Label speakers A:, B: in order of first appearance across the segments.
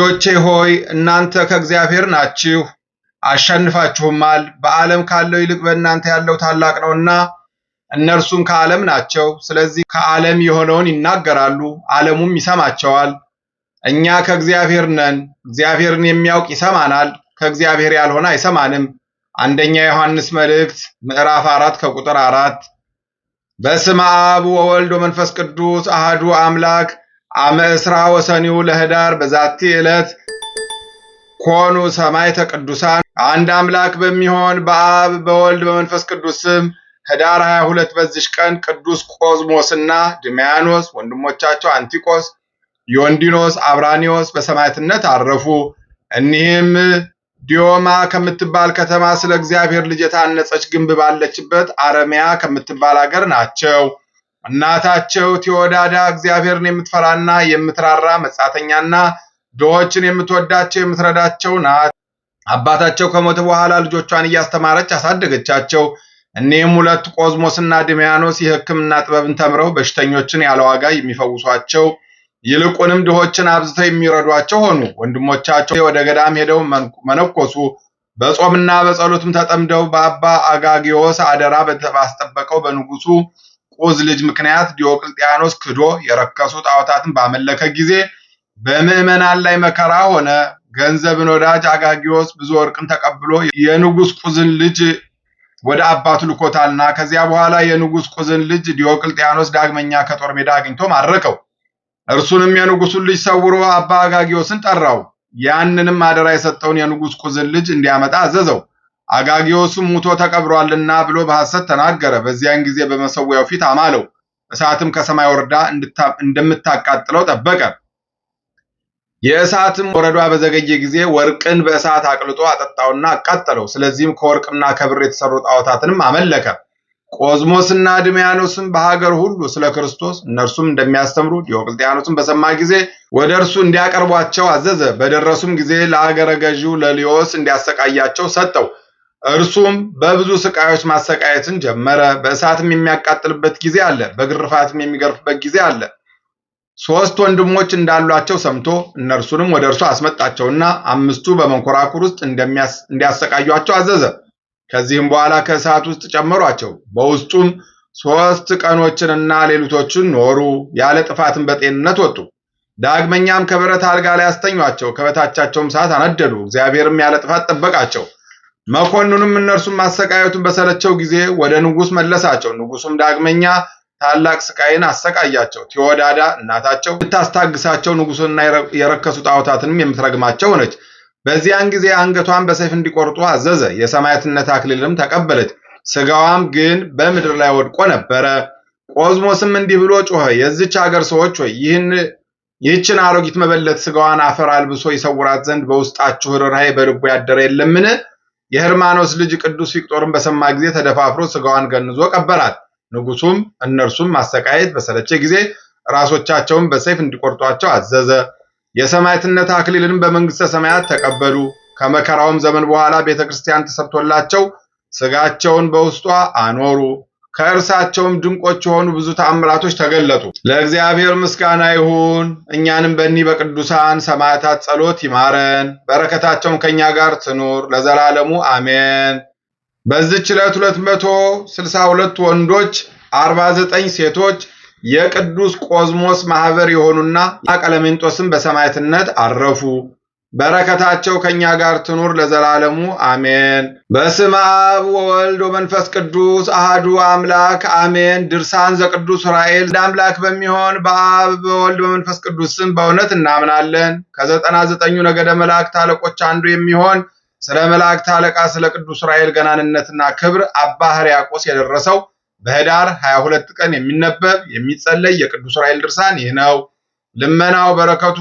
A: ልጆቼ ሆይ እናንተ ከእግዚአብሔር ናችሁ፣ አሸንፋችሁማል። በዓለም ካለው ይልቅ በእናንተ ያለው ታላቅ ነውና እነርሱም ከዓለም ናቸው። ስለዚህ ከዓለም የሆነውን ይናገራሉ፣ ዓለሙም ይሰማቸዋል። እኛ ከእግዚአብሔር ነን፣ እግዚአብሔርን የሚያውቅ ይሰማናል፣ ከእግዚአብሔር ያልሆነ አይሰማንም። አንደኛ ዮሐንስ መልእክት ምዕራፍ አራት ከቁጥር አራት በስመ አብ ወወልድ ወመንፈስ ቅዱስ አህዱ አምላክ አመ እስራ ወሰኒው ለህዳር በዛቲ ዕለት ኮኑ ሰማዕተ ቅዱሳን። አንድ አምላክ በሚሆን በአብ በወልድ በመንፈስ ቅዱስ ስም ህዳር 22 በዚሽ ቀን ቅዱስ ቆዝሞስና ድሚያኖስ ወንድሞቻቸው አንቲቆስ፣ ዮንዲኖስ፣ አብራኒዎስ በሰማዕትነት አረፉ። እኒህም ዲዮማ ከምትባል ከተማ ስለ እግዚአብሔር ልጅ የታነጸች ግንብ ባለችበት አረሚያ ከምትባል አገር ናቸው። እናታቸው ቴዎዳዳ እግዚአብሔርን የምትፈራና የምትራራ መጻተኛና ድሆችን የምትወዳቸው የምትረዳቸው ናት። አባታቸው ከሞተ በኋላ ልጆቿን እያስተማረች አሳደገቻቸው። እኒህም ሁለት ቆዝሞስና ድሜያኖስ የሕክምና ጥበብን ተምረው በሽተኞችን ያለ ዋጋ የሚፈውሷቸው ይልቁንም ድሆችን አብዝተው የሚረዷቸው ሆኑ። ወንድሞቻቸው ወደ ገዳም ሄደው መነኮሱ። በጾምና በጸሎትም ተጠምደው በአባ አጋጊዮስ አደራ ባስጠበቀው በንጉሱ። በቆዝ ልጅ ምክንያት ዲዮቅልጥያኖስ ክዶ የረከሱ ጣዖታትን ባመለከ ጊዜ በምዕመናን ላይ መከራ ሆነ። ገንዘብን ወዳጅ አጋጊዎስ ብዙ ወርቅን ተቀብሎ የንጉሥ ቁዝን ልጅ ወደ አባቱ ልኮታልና ከዚያ በኋላ የንጉሥ ቁዝን ልጅ ዲዮቅልጥያኖስ ዳግመኛ ከጦር ሜዳ አግኝቶ ማረከው። እርሱንም የንጉሱን ልጅ ሰውሮ አባ አጋጊዎስን ጠራው። ያንንም አደራ የሰጠውን የንጉሥ ቁዝን ልጅ እንዲያመጣ አዘዘው። አጋጊዎሱ ሙቶ ተቀብሯልና ብሎ በሐሰት ተናገረ። በዚያን ጊዜ በመሰዊያው ፊት አማለው። እሳትም ከሰማይ ወርዳ እንደምታቃጥለው ጠበቀ። የእሳትም ወረዷ በዘገየ ጊዜ ወርቅን በእሳት አቅልጦ አጠጣውና አቃጠለው። ስለዚህም ከወርቅና ከብር የተሰሩ ጣዖታትንም አመለከ። ቆዝሞስና ድሚያኖስም በሀገር ሁሉ ስለ ክርስቶስ እነርሱም እንደሚያስተምሩ ዲዮቅልጥያኖስም በሰማ ጊዜ ወደ እርሱ እንዲያቀርቧቸው አዘዘ። በደረሱም ጊዜ ለአገረ ገዢው ለሊዮስ እንዲያሰቃያቸው ሰጠው። እርሱም በብዙ ስቃዮች ማሰቃየትን ጀመረ። በእሳትም የሚያቃጥልበት ጊዜ አለ፣ በግርፋትም የሚገርፍበት ጊዜ አለ። ሶስት ወንድሞች እንዳሏቸው ሰምቶ እነርሱንም ወደ እርሱ አስመጣቸውና አምስቱ በመንኮራኩር ውስጥ እንዲያሰቃዩቸው አዘዘ። ከዚህም በኋላ ከእሳት ውስጥ ጨመሯቸው። በውስጡም ሶስት ቀኖችንና ሌሊቶችን ኖሩ፣ ያለ ጥፋትን በጤንነት ወጡ። ዳግመኛም ከብረት አልጋ ላይ አስተኟቸው፣ ከበታቻቸውም እሳት አነደዱ። እግዚአብሔርም ያለ ጥፋት ጠበቃቸው። መኮንኑም እነርሱን ማሰቃየቱን በሰለቸው ጊዜ ወደ ንጉስ መለሳቸው። ንጉሱም ዳግመኛ ታላቅ ስቃይን አሰቃያቸው። ቴዎዳዳ እናታቸው የምታስታግሳቸው ንጉሡንና የረከሱ ጣዖታትንም የምትረግማቸው ሆነች። በዚያን ጊዜ አንገቷን በሰይፍ እንዲቆርጡ አዘዘ። የሰማዕትነት አክሊልም ተቀበለች። ስጋዋም ግን በምድር ላይ ወድቆ ነበረ። ቆዝሞስም እንዲህ ብሎ ጮኸ። የዚች ሀገር ሰዎች ሆይ ይህን ይህችን አሮጊት መበለት ስጋዋን አፈር አልብሶ ይሰውራት ዘንድ በውስጣችሁ ርኅራኄ በልቡ ያደረ የለምን? የህርማኖስ ልጅ ቅዱስ ፊቅጦርን በሰማ ጊዜ ተደፋፍሮ ስጋዋን ገንዞ ቀበራት። ንጉሱም እነርሱም ማሰቃየት በሰለቸ ጊዜ ራሶቻቸውን በሰይፍ እንዲቆርጧቸው አዘዘ። የሰማዕትነት አክሊልንም በመንግሥተ ሰማያት ተቀበሉ። ከመከራውም ዘመን በኋላ ቤተ ክርስቲያን ተሰርቶላቸው ስጋቸውን በውስጧ አኖሩ። ከእርሳቸውም ድንቆች የሆኑ ብዙ ተአምራቶች ተገለጡ። ለእግዚአብሔር ምስጋና ይሁን። እኛንም በእኒህ በቅዱሳን ሰማዕታት ጸሎት ይማረን፣ በረከታቸውም ከእኛ ጋር ትኑር ለዘላለሙ አሜን። በዚች ዕለት 262 ወንዶች፣ 49 ሴቶች የቅዱስ ቆዝሞስ ማህበር የሆኑና ቀለሜንጦስም በሰማዕትነት አረፉ። በረከታቸው ከእኛ ጋር ትኑር ለዘላለሙ አሜን። በስመ አብ ወወልድ ወመንፈስ ቅዱስ አህዱ አምላክ አሜን። ድርሳን ዘቅዱስ ዑራኤል። እንደ አምላክ በሚሆን በአብ በወልድ በመንፈስ ቅዱስ ስም በእውነት እናምናለን። ከዘጠና ዘጠኙ ነገደ መላእክት አለቆች አንዱ የሚሆን ስለ መላእክት አለቃ ስለ ቅዱስ ዑራኤል ገናንነትና ክብር አባ ሕርያቆስ የደረሰው በኅዳር 22 ቀን የሚነበብ የሚጸለይ የቅዱስ ዑራኤል ድርሳን ይህ ነው። ልመናው በረከቱ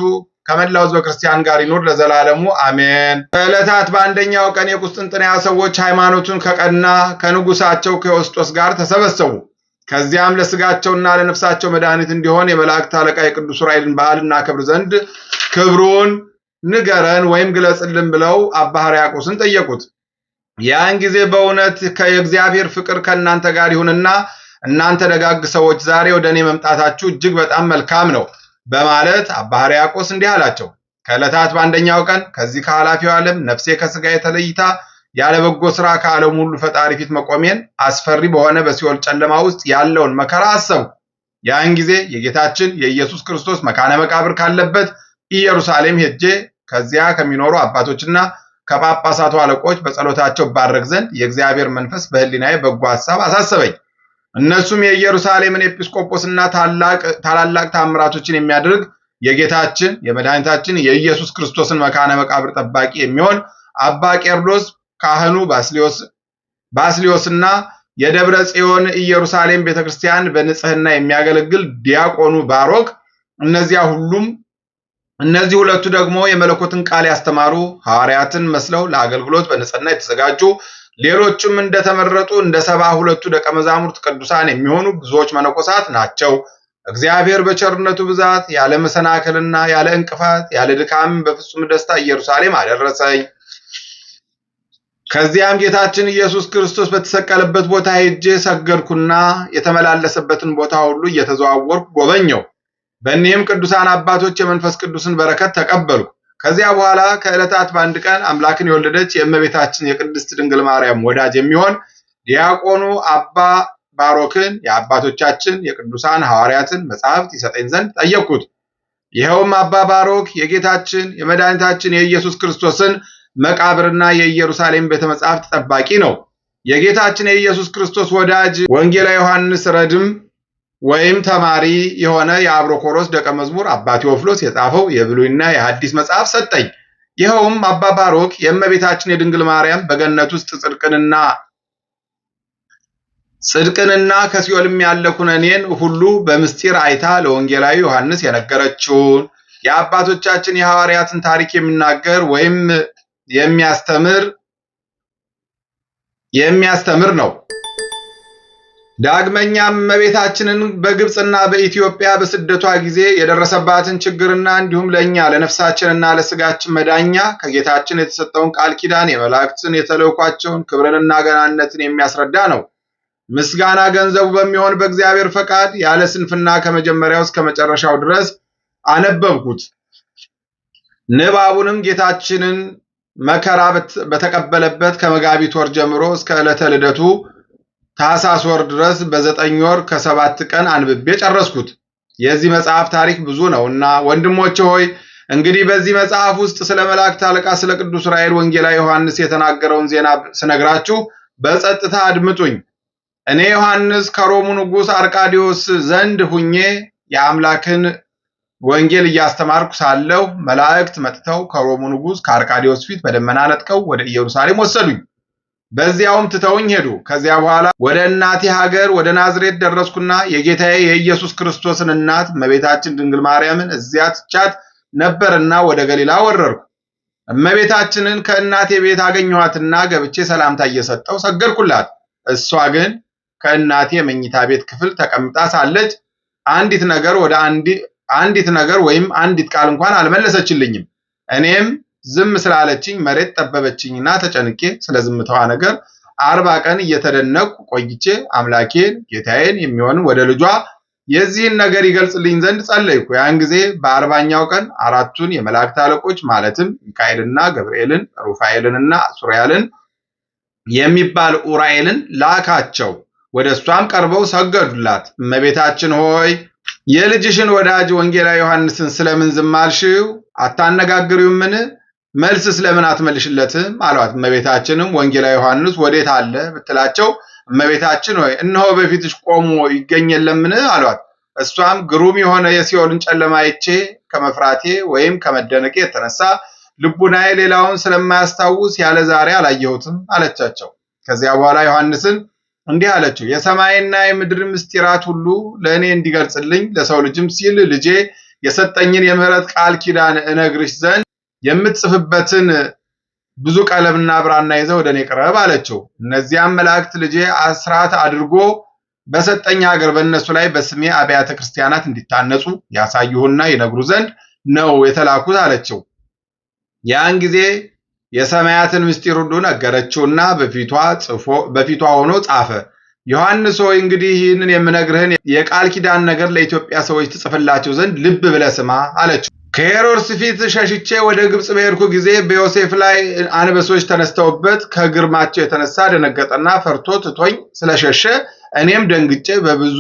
A: ከመላው ሕዝበ ክርስቲያን ጋር ይኑር ለዘላለሙ አሜን። በዕለታት በአንደኛው ቀን የቁስጥንጥንያ ሰዎች ሃይማኖቱን ከቀና ከንጉሳቸው ከዮስጦስ ጋር ተሰበሰቡ። ከዚያም ለስጋቸውና ለነፍሳቸው መድኃኒት እንዲሆን የመላእክት አለቃ የቅዱስ ዑራኤልን በዓል እናከብር ዘንድ ክብሩን ንገረን ወይም ግለጽልን ብለው አባ ሕርያቆስን ጠየቁት። ያን ጊዜ በእውነት የእግዚአብሔር ፍቅር ከእናንተ ጋር ይሁንና እናንተ ደጋግ ሰዎች ዛሬ ወደ እኔ መምጣታችሁ እጅግ በጣም መልካም ነው በማለት አባ ሕርያቆስ እንዲህ አላቸው። ከዕለታት በአንደኛው ቀን ከዚህ ከኃላፊው ዓለም ነፍሴ ከስጋ ተለይታ ያለ በጎ ሥራ ከዓለም ሁሉ ፈጣሪ ፊት መቆሜን አስፈሪ በሆነ በሲኦል ጨለማ ውስጥ ያለውን መከራ አሰቡ። ያን ጊዜ የጌታችን የኢየሱስ ክርስቶስ መካነ መቃብር ካለበት ኢየሩሳሌም ሄጄ ከዚያ ከሚኖሩ አባቶችና ከጳጳሳቱ አለቆች በጸሎታቸው ባረግ ዘንድ የእግዚአብሔር መንፈስ በሕሊናዬ በጎ ሐሳብ አሳሰበኝ። እነሱም የኢየሩሳሌምን ኤጲስቆጶስና ታላላቅ ታምራቶችን የሚያደርግ የጌታችን የመድኃኒታችን የኢየሱስ ክርስቶስን መካነ መቃብር ጠባቂ የሚሆን አባ ቄርሎስ ካህኑ ባስሊዮስና የደብረ ጽዮን ኢየሩሳሌም ቤተክርስቲያን በንጽህና የሚያገለግል ዲያቆኑ ባሮክ እነዚያ ሁሉም እነዚህ ሁለቱ ደግሞ የመለኮትን ቃል ያስተማሩ ሐዋርያትን መስለው ለአገልግሎት በንጽህና የተዘጋጁ ሌሎችም እንደተመረጡ እንደ ሰባ ሁለቱ ደቀ መዛሙርት ቅዱሳን የሚሆኑ ብዙዎች መነኮሳት ናቸው። እግዚአብሔር በቸርነቱ ብዛት ያለ መሰናክልና ያለ እንቅፋት ያለ ድካም በፍጹም ደስታ ኢየሩሳሌም አደረሰኝ። ከዚያም ጌታችን ኢየሱስ ክርስቶስ በተሰቀለበት ቦታ ሄጄ ሰገድኩና የተመላለሰበትን ቦታ ሁሉ እየተዘዋወርኩ ጎበኘው። በእኒህም ቅዱሳን አባቶች የመንፈስ ቅዱስን በረከት ተቀበልኩ። ከዚያ በኋላ ከዕለታት በአንድ ቀን አምላክን የወለደች የእመቤታችን የቅድስት ድንግል ማርያም ወዳጅ የሚሆን ዲያቆኑ አባ ባሮክን የአባቶቻችን የቅዱሳን ሐዋርያትን መጽሐፍት ይሰጠኝ ዘንድ ጠየቅኩት። ይኸውም አባ ባሮክ የጌታችን የመድኃኒታችን የኢየሱስ ክርስቶስን መቃብርና የኢየሩሳሌም ቤተ መጻሕፍት ጠባቂ ነው። የጌታችን የኢየሱስ ክርስቶስ ወዳጅ ወንጌላ ዮሐንስ ረድም ወይም ተማሪ የሆነ የአብሮኮሮስ ደቀ መዝሙር አባ ቴዎፍሎስ የጻፈው የብሉይና የሐዲስ መጽሐፍ ሰጠኝ። ይኸውም አባ ባሮክ የእመቤታችን የድንግል ማርያም በገነት ውስጥ ጽድቅንና ጽድቅንና ከሲኦልም ያለ ኩነኔን ሁሉ በምስጢር አይታ ለወንጌላዊ ዮሐንስ የነገረችውን የአባቶቻችን የሐዋርያትን ታሪክ የሚናገር ወይም የሚያስተምር የሚያስተምር ነው። ዳግመኛም እመቤታችንን በግብፅና በኢትዮጵያ በስደቷ ጊዜ የደረሰባትን ችግርና እንዲሁም ለእኛ ለነፍሳችንና ለስጋችን መዳኛ ከጌታችን የተሰጠውን ቃል ኪዳን የመላእክትን የተለውኳቸውን ክብርንና ገናነትን የሚያስረዳ ነው። ምስጋና ገንዘቡ በሚሆን በእግዚአብሔር ፈቃድ ያለ ስንፍና ከመጀመሪያው እስከ መጨረሻው ድረስ አነበብኩት። ንባቡንም ጌታችንን መከራ በተቀበለበት ከመጋቢት ወር ጀምሮ እስከ ዕለተ ልደቱ ታኅሳስ ወር ድረስ በዘጠኝ ወር ከሰባት ቀን አንብቤ ጨረስኩት። የዚህ መጽሐፍ ታሪክ ብዙ ነውና ወንድሞቼ ሆይ እንግዲህ በዚህ መጽሐፍ ውስጥ ስለ መላእክት አለቃ ስለ ቅዱስ ራኤል ወንጌላዊ ዮሐንስ የተናገረውን ዜና ስነግራችሁ በጸጥታ አድምጡኝ። እኔ ዮሐንስ ከሮሙ ንጉሥ አርቃዲዎስ ዘንድ ሁኜ የአምላክን ወንጌል እያስተማርኩ ሳለሁ መላእክት መጥተው ከሮሙ ንጉሥ ከአርቃዲዎስ ፊት በደመና ነጥቀው ወደ ኢየሩሳሌም ወሰዱኝ። በዚያውም ትተውኝ ሄዱ። ከዚያ በኋላ ወደ እናቴ ሀገር ወደ ናዝሬት ደረስኩና የጌታዬ የኢየሱስ ክርስቶስን እናት እመቤታችን ድንግል ማርያምን እዚያ ትቻት ነበርና ወደ ገሊላ ወረርኩ እመቤታችንን ከእናቴ ቤት አገኘኋትና ገብቼ ሰላምታ እየሰጠው ሰገድኩላት። እሷ ግን ከእናቴ የመኝታ ቤት ክፍል ተቀምጣ ሳለች አንዲት ነገር ወደ አንዲት ነገር ወይም አንዲት ቃል እንኳን አልመለሰችልኝም። እኔም ዝም ስላለችኝ መሬት ጠበበችኝና ተጨንቄ ስለ ዝምታዋ ነገር አርባ ቀን እየተደነቅኩ ቆይቼ አምላኬን ጌታዬን የሚሆን ወደ ልጇ የዚህን ነገር ይገልጽልኝ ዘንድ ጸለይኩ። ያን ጊዜ በአርባኛው ቀን አራቱን የመላእክት አለቆች ማለትም ሚካኤልና ገብርኤልን ሩፋኤልንና ሱሪያልን የሚባል ኡራኤልን ላካቸው። ወደ እሷም ቀርበው ሰገዱላት። እመቤታችን ሆይ የልጅሽን ወዳጅ ወንጌላዊ ዮሐንስን ስለምን ዝም አልሽው? አታነጋግሪውምን? መልስስ ለምን አትመልሽለትም አሏት። እመቤታችንም ወንጌላዊ ዮሐንስ ወዴት አለ ብትላቸው እመቤታችን ሆይ እነሆ በፊትሽ ቆሞ ይገኝ የለምን አሏት። እሷም ግሩም የሆነ የሲኦልን ጨለማ አይቼ ከመፍራቴ ወይም ከመደነቄ የተነሳ ልቡናዬ ሌላውን ስለማያስታውስ ያለ ዛሬ አላየሁትም አለቻቸው። ከዚያ በኋላ ዮሐንስን እንዲህ አለችው፣ የሰማይና የምድር ምስጢራት ሁሉ ለእኔ እንዲገልጽልኝ ለሰው ልጅም ሲል ልጄ የሰጠኝን የምሕረት ቃል ኪዳን እነግርሽ ዘንድ የምትጽፍበትን ብዙ ቀለምና ብራና ይዘ ወደ እኔ ቅረብ አለችው። እነዚያም መላእክት ልጄ አስራት አድርጎ በሰጠኝ ሀገር በእነሱ ላይ በስሜ አብያተ ክርስቲያናት እንዲታነጹ ያሳዩህና ይነግሩ ዘንድ ነው የተላኩት አለችው። ያን ጊዜ የሰማያትን ምስጢር ሁሉ ነገረችውና በፊቷ ሆኖ ጻፈ። ዮሐንስ ሆይ እንግዲህ ይህንን የምነግርህን የቃል ኪዳን ነገር ለኢትዮጵያ ሰዎች ትጽፍላቸው ዘንድ ልብ ብለህ ስማ አለችው። ከሄሮድስ ፊት ሸሽቼ ወደ ግብፅ በሄድኩ ጊዜ በዮሴፍ ላይ አንበሶች ተነስተውበት ከግርማቸው የተነሳ ደነገጠና ፈርቶ ትቶኝ ስለሸሸ እኔም ደንግጬ በብዙ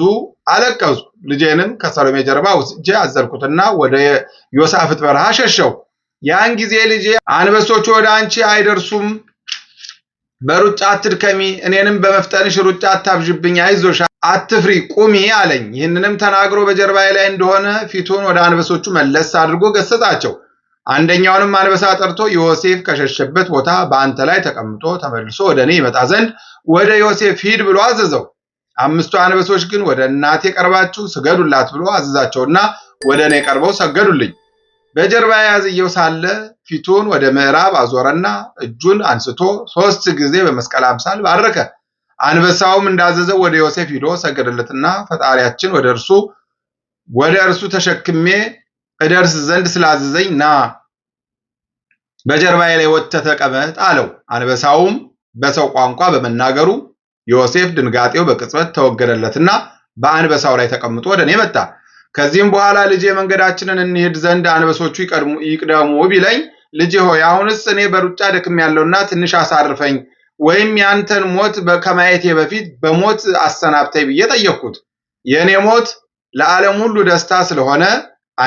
A: አለቀሱ ልጄንም ከሰሎሜ ጀርባ ውስጄ አዘልኩትና ወደ ዮሳፍት በረሃ ሸሸው። ያን ጊዜ ልጄ አንበሶቹ ወደ አንቺ አይደርሱም በሩጫ አትድከሚ፣ እኔንም በመፍጠንሽ ሩጫ አታብዥብኝ፣ አይዞሽ፣ አትፍሪ፣ ቁሚ አለኝ። ይህንንም ተናግሮ በጀርባዬ ላይ እንደሆነ ፊቱን ወደ አንበሶቹ መለስ አድርጎ ገሰጻቸው። አንደኛውንም አንበሳ ጠርቶ ዮሴፍ ከሸሸበት ቦታ በአንተ ላይ ተቀምጦ ተመልሶ ወደ እኔ ይመጣ ዘንድ ወደ ዮሴፍ ሂድ ብሎ አዘዘው። አምስቱ አንበሶች ግን ወደ እናቴ ቀርባችሁ ስገዱላት ብሎ አዘዛቸውና ወደ እኔ ቀርበው ሰገዱልኝ። በጀርባ ያዝየው ሳለ ፊቱን ወደ ምዕራብ አዞረና እጁን አንስቶ ሶስት ጊዜ በመስቀል አምሳል ባረከ። አንበሳውም እንዳዘዘው ወደ ዮሴፍ ሂዶ ሰገደለትና ፈጣሪያችን ወደ እርሱ ወደ እርሱ ተሸክሜ እደርስ ዘንድ ስላዘዘኝ ና በጀርባዬ ላይ ወጥተህ ተቀመጥ አለው። አንበሳውም በሰው ቋንቋ በመናገሩ ዮሴፍ ድንጋጤው በቅጽበት ተወገደለትና በአንበሳው ላይ ተቀምጦ ወደ እኔ መጣ። ከዚህም በኋላ ልጄ መንገዳችንን እንሄድ ዘንድ አንበሶቹ ይቅደሙ ቢለኝ፣ ልጄ ሆይ አሁንስ እኔ በሩጫ ያለውና ትንሽ አሳርፈኝ፣ ወይም ያንተን ሞት ከማየቴ በፊት በሞት አሰናብተኝ ብዬ ጠየቅሁት። የእኔ ሞት ለዓለም ሁሉ ደስታ ስለሆነ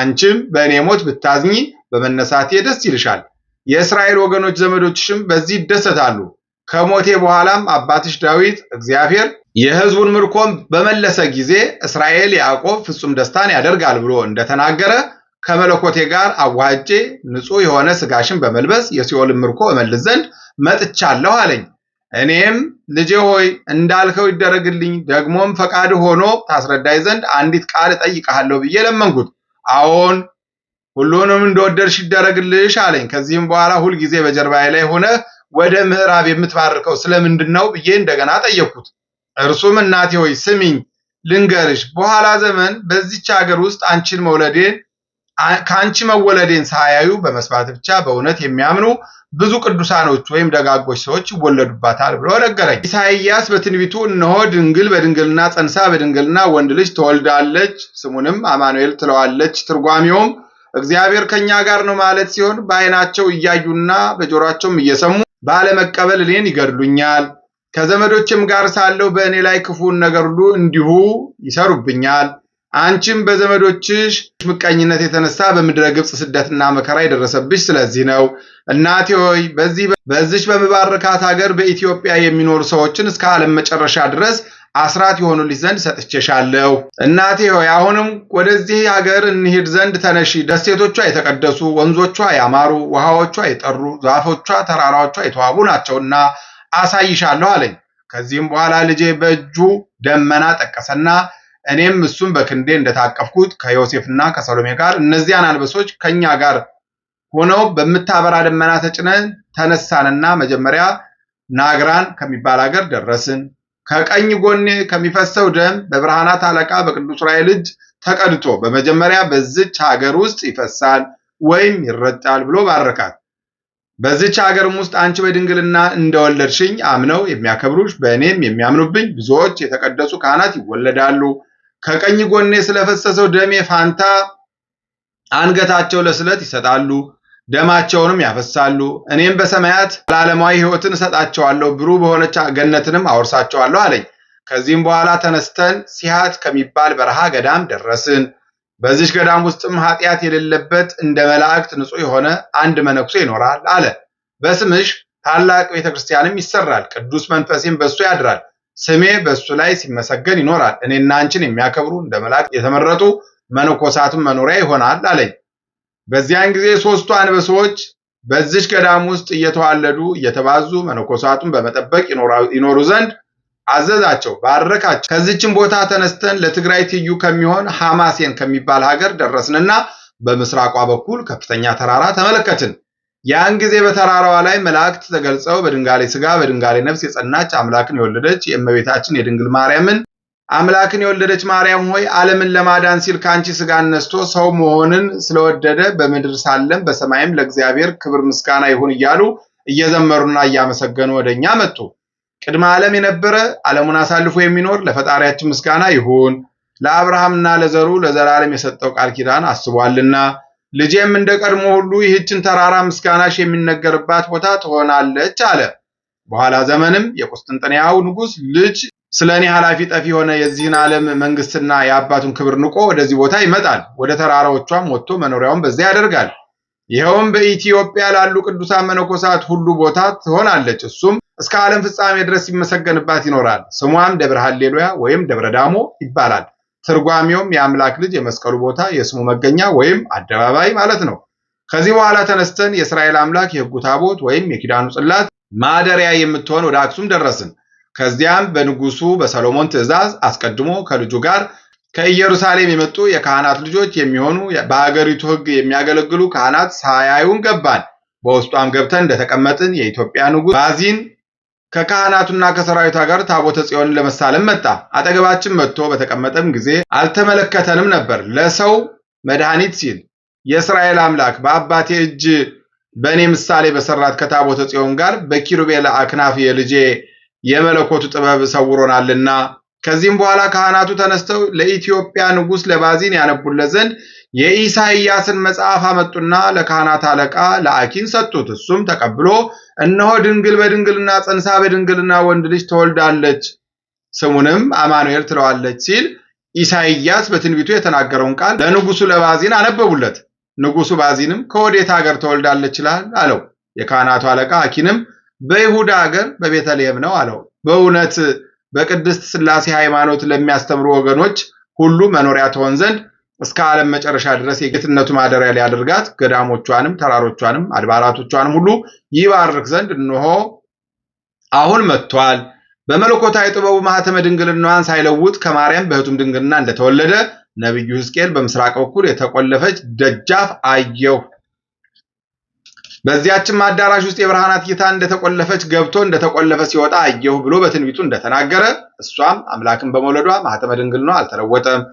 A: አንቺም በእኔ ሞት ብታዝኚ በመነሳቴ ደስ ይልሻል፣ የእስራኤል ወገኖች ዘመዶችሽም በዚህ ይደሰታሉ። ከሞቴ በኋላም አባትሽ ዳዊት እግዚአብሔር የሕዝቡን ምርኮም በመለሰ ጊዜ እስራኤል ያዕቆብ ፍጹም ደስታን ያደርጋል ብሎ እንደተናገረ ከመለኮቴ ጋር አዋጄ ንጹሕ የሆነ ስጋሽን በመልበስ የሲኦልን ምርኮ እመልስ ዘንድ መጥቻለሁ አለኝ። እኔም ልጄ ሆይ እንዳልከው ይደረግልኝ፣ ደግሞም ፈቃድ ሆኖ ታስረዳይ ዘንድ አንዲት ቃል እጠይቅሃለሁ ብዬ ለመንኩት። አዎን ሁሉንም እንደወደድሽ ይደረግልሽ አለኝ። ከዚህም በኋላ ሁልጊዜ በጀርባዬ ላይ ሆነህ ወደ ምዕራብ የምትባርከው ስለምንድን ነው ብዬ እንደገና ጠየቅኩት። እርሱም እናቴ ሆይ ስሚኝ ልንገርሽ፣ በኋላ ዘመን በዚች ሀገር ውስጥ አንቺን መውለዴን ከአንቺ መወለዴን ሳያዩ በመስማት ብቻ በእውነት የሚያምኑ ብዙ ቅዱሳኖች ወይም ደጋጎች ሰዎች ይወለዱባታል ብሎ ነገረኝ። ኢሳይያስ በትንቢቱ እነሆ ድንግል በድንግልና ጸንሳ በድንግልና ወንድ ልጅ ትወልዳለች፣ ስሙንም አማኑኤል ትለዋለች። ትርጓሜውም እግዚአብሔር ከኛ ጋር ነው ማለት ሲሆን በዓይናቸው እያዩና በጆሯቸውም እየሰሙ ባለመቀበል እኔን ይገድሉኛል፣ ከዘመዶችም ጋር ሳለሁ በእኔ ላይ ክፉን ነገር ሁሉ እንዲሁ ይሰሩብኛል። አንቺም በዘመዶችሽ ምቀኝነት የተነሳ በምድረ ግብፅ ስደትና መከራ የደረሰብሽ ስለዚህ ነው። እናቴ ሆይ በዚች በምባርካት ሀገር በኢትዮጵያ የሚኖሩ ሰዎችን እስከ ዓለም መጨረሻ ድረስ አስራት የሆኑልሽ ዘንድ ሰጥቼሻለሁ። እናቴ ሆይ አሁንም ወደዚህ ሀገር እንሂድ ዘንድ ተነሺ። ደሴቶቿ የተቀደሱ፣ ወንዞቿ ያማሩ፣ ውሃዎቿ የጠሩ፣ ዛፎቿ ተራራዎቿ የተዋቡ ናቸውና አሳይሻለሁ አለኝ። ከዚህም በኋላ ልጄ በእጁ ደመና ጠቀሰና እኔም እሱም በክንዴ እንደታቀፍኩት ከዮሴፍና ከሰሎሜ ጋር እነዚያን አንበሶች ከኛ ጋር ሆነው በምታበራ ደመና ተጭነን ተነሳንና መጀመሪያ ናግራን ከሚባል ሀገር ደረስን። ከቀኝ ጎኔ ከሚፈሰው ደም በብርሃናት አለቃ በቅዱስ ዑራኤል እጅ ተቀድቶ በመጀመሪያ በዚች ሀገር ውስጥ ይፈሳል ወይም ይረጫል ብሎ ባረካት። በዚች ሀገርም ውስጥ አንቺ በድንግልና እንደወለድሽኝ አምነው የሚያከብሩሽ በእኔም የሚያምኑብኝ ብዙዎች የተቀደሱ ካህናት ይወለዳሉ። ከቀኝ ጎኔ ስለፈሰሰው ደሜ ፋንታ አንገታቸው ለስለት ይሰጣሉ፣ ደማቸውንም ያፈሳሉ። እኔም በሰማያት ለዓለማዊ ሕይወትን እሰጣቸዋለሁ፣ ብሩህ በሆነች ገነትንም አወርሳቸዋለሁ አለኝ። ከዚህም በኋላ ተነስተን ሲሃት ከሚባል በረሃ ገዳም ደረስን። በዚች ገዳም ውስጥም ኃጢአት የሌለበት እንደ መላእክት ንጹሕ የሆነ አንድ መነኩሴ ይኖራል አለ። በስምሽ ታላቅ ቤተ ክርስቲያንም ይሰራል፣ ቅዱስ መንፈሴም በእሱ ያድራል። ስሜ በእሱ ላይ ሲመሰገን ይኖራል። እኔና አንቺን የሚያከብሩ እንደ መላእክት የተመረጡ መነኮሳትም መኖሪያ ይሆናል አለኝ። በዚያን ጊዜ ሶስቱ አንበሶች በዚች ገዳም ውስጥ እየተዋለዱ እየተባዙ መነኮሳቱን በመጠበቅ ይኖሩ ዘንድ አዘዛቸው፣ ባረካቸው። ከዚችን ቦታ ተነስተን ለትግራይ ትይዩ ከሚሆን ሐማሴን ከሚባል ሀገር ደረስንና በምስራቋ በኩል ከፍተኛ ተራራ ተመለከትን። ያን ጊዜ በተራራዋ ላይ መላእክት ተገልጸው በድንጋሌ ሥጋ በድንጋሌ ነፍስ የጸናች አምላክን የወለደች የእመቤታችን የድንግል ማርያምን አምላክን የወለደች ማርያም ሆይ ዓለምን ለማዳን ሲል ከአንቺ ሥጋን ነስቶ ሰው መሆንን ስለወደደ በምድር ሳለም በሰማይም ለእግዚአብሔር ክብር ምስጋና ይሁን እያሉ እየዘመሩና እያመሰገኑ ወደ እኛ መጡ። ቅድመ ዓለም የነበረ ዓለሙን አሳልፎ የሚኖር ለፈጣሪያችን ምስጋና ይሁን፣ ለአብርሃምና ለዘሩ ለዘላለም የሰጠው ቃል ኪዳን አስቧልና ልጄም እንደ ቀድሞ ሁሉ ይህችን ተራራ ምስጋናሽ የሚነገርባት ቦታ ትሆናለች አለ። በኋላ ዘመንም የቁስጥንጥንያው ንጉሥ ልጅ ስለ እኔ ኃላፊ ጠፊ የሆነ የዚህን ዓለም መንግስትና የአባቱን ክብር ንቆ ወደዚህ ቦታ ይመጣል። ወደ ተራራዎቿም ወጥቶ መኖሪያውን በዚያ ያደርጋል። ይኸውም በኢትዮጵያ ላሉ ቅዱሳን መነኮሳት ሁሉ ቦታ ትሆናለች። እሱም እስከ ዓለም ፍጻሜ ድረስ ይመሰገንባት ይኖራል። ስሟም ደብረ ሃሌሉያ ወይም ደብረ ዳሞ ይባላል። ትርጓሚውም የአምላክ ልጅ የመስቀሉ ቦታ የስሙ መገኛ ወይም አደባባይ ማለት ነው። ከዚህ በኋላ ተነስተን የእስራኤል አምላክ የሕጉ ታቦት ወይም የኪዳኑ ጽላት ማደሪያ የምትሆን ወደ አክሱም ደረስን። ከዚያም በንጉሱ በሰሎሞን ትእዛዝ አስቀድሞ ከልጁ ጋር ከኢየሩሳሌም የመጡ የካህናት ልጆች የሚሆኑ በአገሪቱ ሕግ የሚያገለግሉ ካህናት ሳያዩን ገባን። በውስጧም ገብተን እንደተቀመጥን የኢትዮጵያ ንጉሥ ባዚን ከካህናቱና ከሰራዊቷ ጋር ታቦተ ጽዮንን ለመሳለም መጣ። አጠገባችን መጥቶ በተቀመጠም ጊዜ አልተመለከተንም ነበር። ለሰው መድኃኒት ሲል የእስራኤል አምላክ በአባቴ እጅ በእኔ ምሳሌ በሰራት ከታቦተ ጽዮን ጋር በኪሩቤል አክናፍ የልጄ የመለኮቱ ጥበብ ሰውሮናልና ከዚህም በኋላ ካህናቱ ተነስተው ለኢትዮጵያ ንጉሥ ለባዚን ያነቡለት ዘንድ የኢሳይያስን መጽሐፍ አመጡና ለካህናት አለቃ ለአኪን ሰጡት። እሱም ተቀብሎ እነሆ ድንግል በድንግልና ጸንሳ በድንግልና ወንድ ልጅ ተወልዳለች ስሙንም አማኑኤል ትለዋለች ሲል ኢሳይያስ በትንቢቱ የተናገረውን ቃል ለንጉሱ ለባዚን አነበቡለት። ንጉሱ ባዚንም ከወዴት ሀገር ተወልዳለች ይላል አለው። የካህናቱ አለቃ አኪንም በይሁዳ ሀገር በቤተልሔም ነው አለው። በእውነት በቅድስት ስላሴ ሃይማኖት ለሚያስተምሩ ወገኖች ሁሉ መኖሪያ ትሆን ዘንድ እስከ ዓለም መጨረሻ ድረስ የጌትነቱ ማደሪያ ሊያደርጋት ገዳሞቿንም ተራሮቿንም አድባራቶቿንም ሁሉ ይባርክ ዘንድ እንሆ አሁን መጥቷል። በመለኮታዊ ጥበቡ ማኅተመ ድንግልናዋን ሳይለውጥ ከማርያም በህቱም ድንግልና እንደተወለደ ነቢዩ ሕዝቅኤል በምስራቅ በኩል የተቆለፈች ደጃፍ አየሁ። በዚያችም አዳራሽ ውስጥ የብርሃናት ጌታ እንደተቆለፈች ገብቶ እንደተቆለፈ ሲወጣ አየሁ ብሎ በትንቢቱ እንደተናገረ እሷም አምላክን በመውለዷ ማኅተመ ድንግልናዋ አልተለወጠም።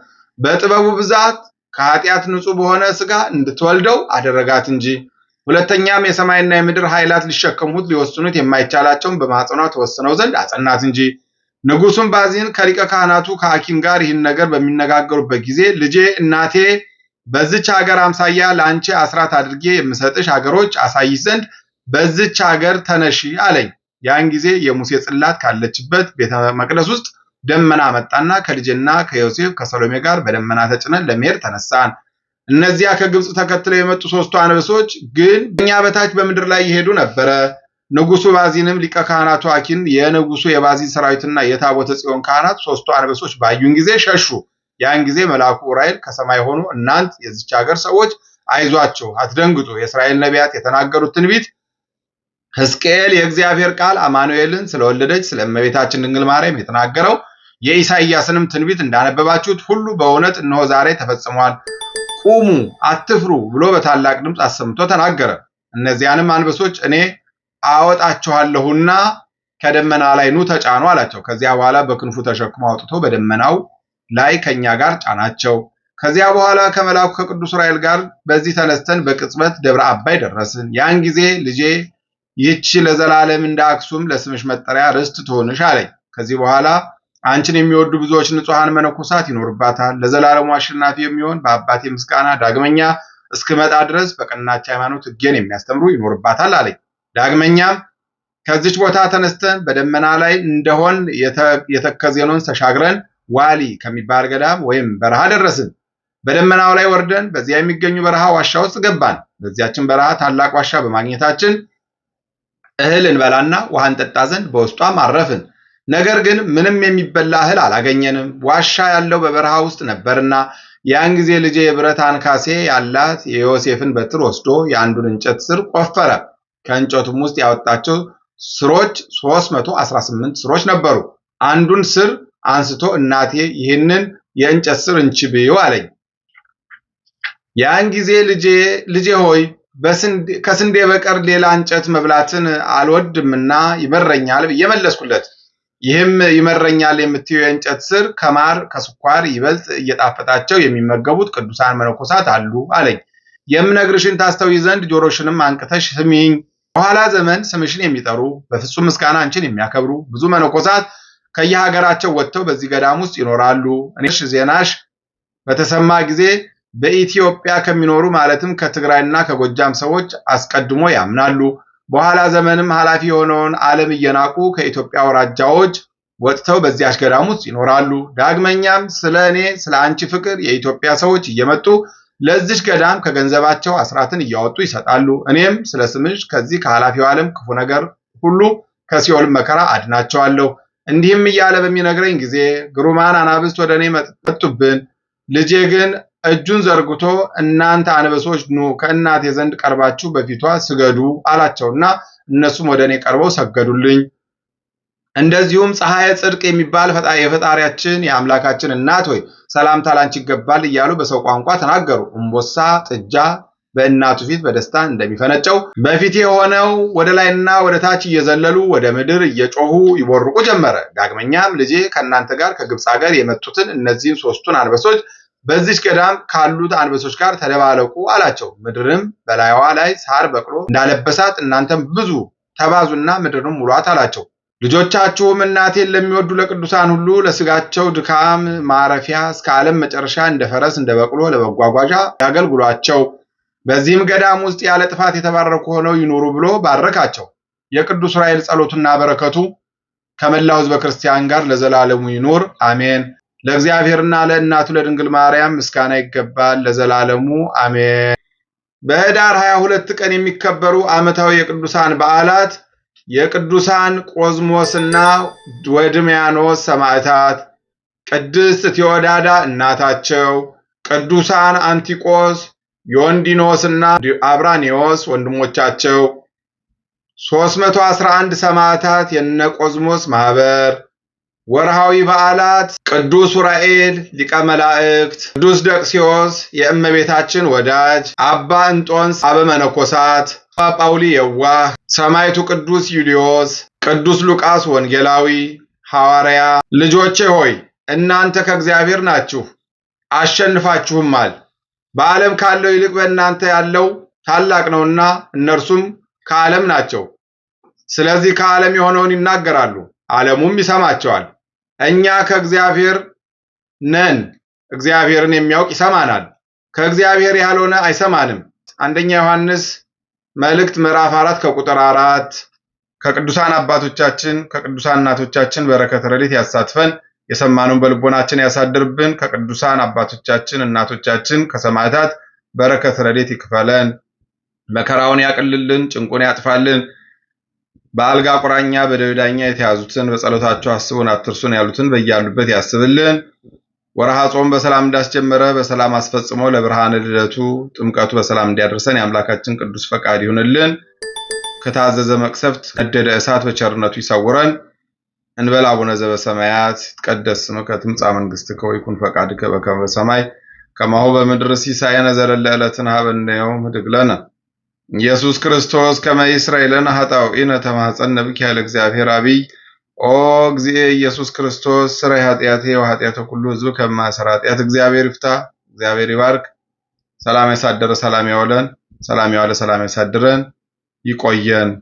A: በጥበቡ ብዛት ከኃጢአት ንጹሕ በሆነ ሥጋ እንድትወልደው አደረጋት እንጂ። ሁለተኛም የሰማይና የምድር ኃይላት ሊሸከሙት ሊወስኑት የማይቻላቸውን በማጽኗ ተወስነው ዘንድ አጸናት እንጂ። ንጉሡም ባዚን ከሊቀ ካህናቱ ከአኪም ጋር ይህን ነገር በሚነጋገሩበት ጊዜ ልጄ እናቴ በዚች ሀገር አምሳያ ለአንቺ አስራት አድርጌ የምሰጥሽ ሀገሮች አሳይሽ ዘንድ በዚች ሀገር ተነሺ አለኝ። ያን ጊዜ የሙሴ ጽላት ካለችበት ቤተ መቅደስ ውስጥ ደመና መጣና ከልጅና ከዮሴፍ ከሰሎሜ ጋር በደመና ተጭነን ለመሄድ ተነሳን። እነዚያ ከግብፅ ተከትለው የመጡ ሶስቱ አንበሶች ግን እኛ በታች በምድር ላይ ይሄዱ ነበረ። ንጉሱ ባዚንም ሊቀ ካህናቱ አኪን የንጉሱ የባዚን ሰራዊትና የታቦተ ጽዮን ካህናት ሶስቱ አንበሶች ባዩን ጊዜ ሸሹ። ያን ጊዜ መልአኩ ዑራኤል ከሰማይ ሆኖ እናንት የዚች ሀገር ሰዎች አይዟቸው፣ አትደንግጡ። የእስራኤል ነቢያት የተናገሩት ትንቢት ሕዝቅኤል የእግዚአብሔር ቃል አማኑኤልን ስለወለደች ስለ እመቤታችን ድንግል ማርያም የተናገረው የኢሳይያስንም ትንቢት እንዳነበባችሁት ሁሉ በእውነት እነሆ ዛሬ ተፈጽሟል፣ ቁሙ አትፍሩ ብሎ በታላቅ ድምፅ አሰምቶ ተናገረ። እነዚያንም አንበሶች እኔ አወጣችኋለሁና ከደመና ላይ ኑ ተጫኑ አላቸው። ከዚያ በኋላ በክንፉ ተሸክሞ አውጥቶ በደመናው ላይ ከኛ ጋር ጫናቸው። ከዚያ በኋላ ከመልአኩ ከቅዱስ ዑራኤል ጋር በዚህ ተነስተን በቅጽበት ደብረ አባይ ደረስን። ያን ጊዜ ልጄ ይህች ለዘላለም እንደ አክሱም ለስምሽ መጠሪያ ርስት ትሆንሽ አለኝ። ከዚህ በኋላ አንቺን የሚወዱ ብዙዎች ንጹሐን መነኮሳት ይኖርባታል። ለዘላለሙ አሸናፊ የሚሆን በአባቴ ምስጋና ዳግመኛ እስክመጣ ድረስ በቀናች ሃይማኖት ሕጌን የሚያስተምሩ ይኖርባታል አለኝ። ዳግመኛም ከዚች ቦታ ተነስተን በደመና ላይ እንደሆን የተከዜኖን ተሻግረን ዋሊ ከሚባል ገዳም ወይም በረሃ ደረስን። በደመናው ላይ ወርደን በዚያ የሚገኙ በረሃ ዋሻ ውስጥ ገባን። በዚያችን በረሃ ታላቅ ዋሻ በማግኘታችን እህል እንበላና ውሃ እንጠጣ ዘንድ በውስጧም አረፍን። ነገር ግን ምንም የሚበላ እህል አላገኘንም፤ ዋሻ ያለው በበረሃ ውስጥ ነበርና። ያን ጊዜ ልጄ የብረት አንካሴ ያላት የዮሴፍን በትር ወስዶ የአንዱን እንጨት ስር ቆፈረ። ከእንጨቱም ውስጥ ያወጣቸው ስሮች 318 ስሮች ነበሩ። አንዱን ስር አንስቶ እናቴ ይህንን የእንጨት ስር እንቺ ብዩ አለኝ። ያን ጊዜ ልጄ ሆይ ከስንዴ በቀር ሌላ እንጨት መብላትን አልወድምና ይመረኛል ብዬ መለስኩለት። ይህም ይመረኛል የምትዩ የእንጨት ስር ከማር ከስኳር ይበልጥ እየጣፈጣቸው የሚመገቡት ቅዱሳን መነኮሳት አሉ አለኝ። የምነግርሽን ታስተው ዘንድ ጆሮሽንም አንቅተሽ ስሚኝ። በኋላ ዘመን ስምሽን የሚጠሩ በፍጹም ምስጋና አንቺን የሚያከብሩ ብዙ መነኮሳት ከየሀገራቸው ወጥተው በዚህ ገዳም ውስጥ ይኖራሉ። እኔሽ ዜናሽ በተሰማ ጊዜ በኢትዮጵያ ከሚኖሩ ማለትም ከትግራይና ከጎጃም ሰዎች አስቀድሞ ያምናሉ። በኋላ ዘመንም ኃላፊ የሆነውን ዓለም እየናቁ ከኢትዮጵያ አውራጃዎች ወጥተው በዚያች ገዳም ውስጥ ይኖራሉ። ዳግመኛም ስለ እኔ ስለ አንቺ ፍቅር የኢትዮጵያ ሰዎች እየመጡ ለዚች ገዳም ከገንዘባቸው አስራትን እያወጡ ይሰጣሉ። እኔም ስለ ስምሽ ከዚህ ከኃላፊው ዓለም ክፉ ነገር ሁሉ ከሲኦል መከራ አድናቸዋለሁ። እንዲህም እያለ በሚነግረኝ ጊዜ ግሩማን አናብስት ወደ እኔ መጡብን። ልጄ ግን እጁን ዘርግቶ እናንተ አንበሶች ኑ ከእናቴ ዘንድ ቀርባችሁ በፊቷ ስገዱ አላቸውና እነሱም ወደ እኔ ቀርበው ሰገዱልኝ። እንደዚሁም ፀሐይ ጽድቅ የሚባል የፈጣሪያችን የአምላካችን እናት ሆይ ሰላምታ ላንቺ ይገባል እያሉ በሰው ቋንቋ ተናገሩ። እምቦሳ ጥጃ በእናቱ ፊት በደስታ እንደሚፈነጨው በፊት የሆነው ወደ ላይና ወደ ታች እየዘለሉ ወደ ምድር እየጮሁ ይቦርቁ ጀመረ። ዳግመኛም ልጄ ከእናንተ ጋር ከግብፅ ሀገር የመጡትን እነዚህን ሶስቱን አንበሶች በዚች ገዳም ካሉት አንበሶች ጋር ተደባለቁ አላቸው። ምድርም በላይዋ ላይ ሳር በቅሎ እንዳለበሳት እናንተም ብዙ ተባዙና ምድርም ሙሏት አላቸው። ልጆቻችሁም እናቴን ለሚወዱ ለቅዱሳን ሁሉ ለስጋቸው ድካም ማረፊያ እስከ ዓለም መጨረሻ እንደ ፈረስ እንደ በቅሎ ለመጓጓዣ ያገልግሏቸው። በዚህም ገዳም ውስጥ ያለ ጥፋት የተባረኩ ሆነው ይኖሩ ብሎ ባረካቸው። የቅዱስ ራኤል ጸሎቱና በረከቱ ከመላው ሕዝበ ክርስቲያን ጋር ለዘላለሙ ይኑር አሜን። ለእግዚአብሔርና ለእናቱ ለድንግል ማርያም ምስጋና ይገባል ለዘላለሙ አሜን። በኅዳር 22 ቀን የሚከበሩ ዓመታዊ የቅዱሳን በዓላት የቅዱሳን ቆዝሞስና ወድሚያኖስ ሰማዕታት፣ ቅድስት ቴዎዳዳ እናታቸው፣ ቅዱሳን አንቲቆስ ዮንዲኖስና አብራኒዎስ ወንድሞቻቸው፣ 311 ሰማዕታት የነ ቆዝሞስ ማህበር! ወርሃዊ በዓላት ቅዱስ ዑራኤል ሊቀ መላእክት፣ ቅዱስ ደቅሲዮስ የእመቤታችን ወዳጅ፣ አባ እንጦንስ አበመነኮሳት፣ አባ ጳውሊ የዋህ፣ ሰማዕቱ ቅዱስ ዩልዮስ፣ ቅዱስ ሉቃስ ወንጌላዊ ሐዋርያ። ልጆቼ ሆይ እናንተ ከእግዚአብሔር ናችሁ፣ አሸንፋችሁማል። በዓለም ካለው ይልቅ በእናንተ ያለው ታላቅ ነውና እነርሱም ከዓለም ናቸው። ስለዚህ ከዓለም የሆነውን ይናገራሉ፣ ዓለሙም ይሰማቸዋል። እኛ ከእግዚአብሔር ነን፣ እግዚአብሔርን የሚያውቅ ይሰማናል፣ ከእግዚአብሔር ያልሆነ አይሰማንም። አንደኛ ዮሐንስ መልእክት ምዕራፍ አራት ከቁጥር አራት ከቅዱሳን አባቶቻችን ከቅዱሳን እናቶቻችን በረከት ረድኤት ያሳትፈን የሰማነውን በልቦናችን ያሳድርብን። ከቅዱሳን አባቶቻችን እናቶቻችን ከሰማዕታት በረከት ረድኤት ይክፈለን። መከራውን ያቅልልን፣ ጭንቁን ያጥፋልን። በአልጋ ቁራኛ በደዌ ዳኛ የተያዙትን በጸሎታቸው አስቡን አትርሱን ያሉትን በያሉበት ያስብልን። ወርሃ ጾም በሰላም እንዳስጀመረ በሰላም አስፈጽሞ ለብርሃነ ልደቱ ጥምቀቱ በሰላም እንዲያደርሰን የአምላካችን ቅዱስ ፈቃድ ይሁንልን። ከታዘዘ መቅሰፍት ከነደደ እሳት በቸርነቱ ይሰውረን። እንበል አቡነ ዘበሰማያት ይትቀደስ ስምከ ትምጻእ መንግሥትከ ወይኩን ፈቃድከ በከመ በሰማይ ከማሁ በምድር ሲሳየነ ዘለለ ዕለትነ ሀበነ ዮም ለነ ኢየሱስ ክርስቶስ ከመ እስራኤልን ኃጣውኢነ ተማፀን ነብኪያ ለእግዚአብሔር አብይ ኦ እግዚእ ኢየሱስ ክርስቶስ ስራይ ኃጢአቴ ወኃጢአተ ኩሉ ህዝብ ከማሰራ ኃጢአት እግዚአብሔር ይፍታ፣ እግዚአብሔር ይባርክ። ሰላም ያሳደረ ሰላም ያወለን፣ ሰላም ያዋለ ሰላም ያሳድረን፣ ይቆየን።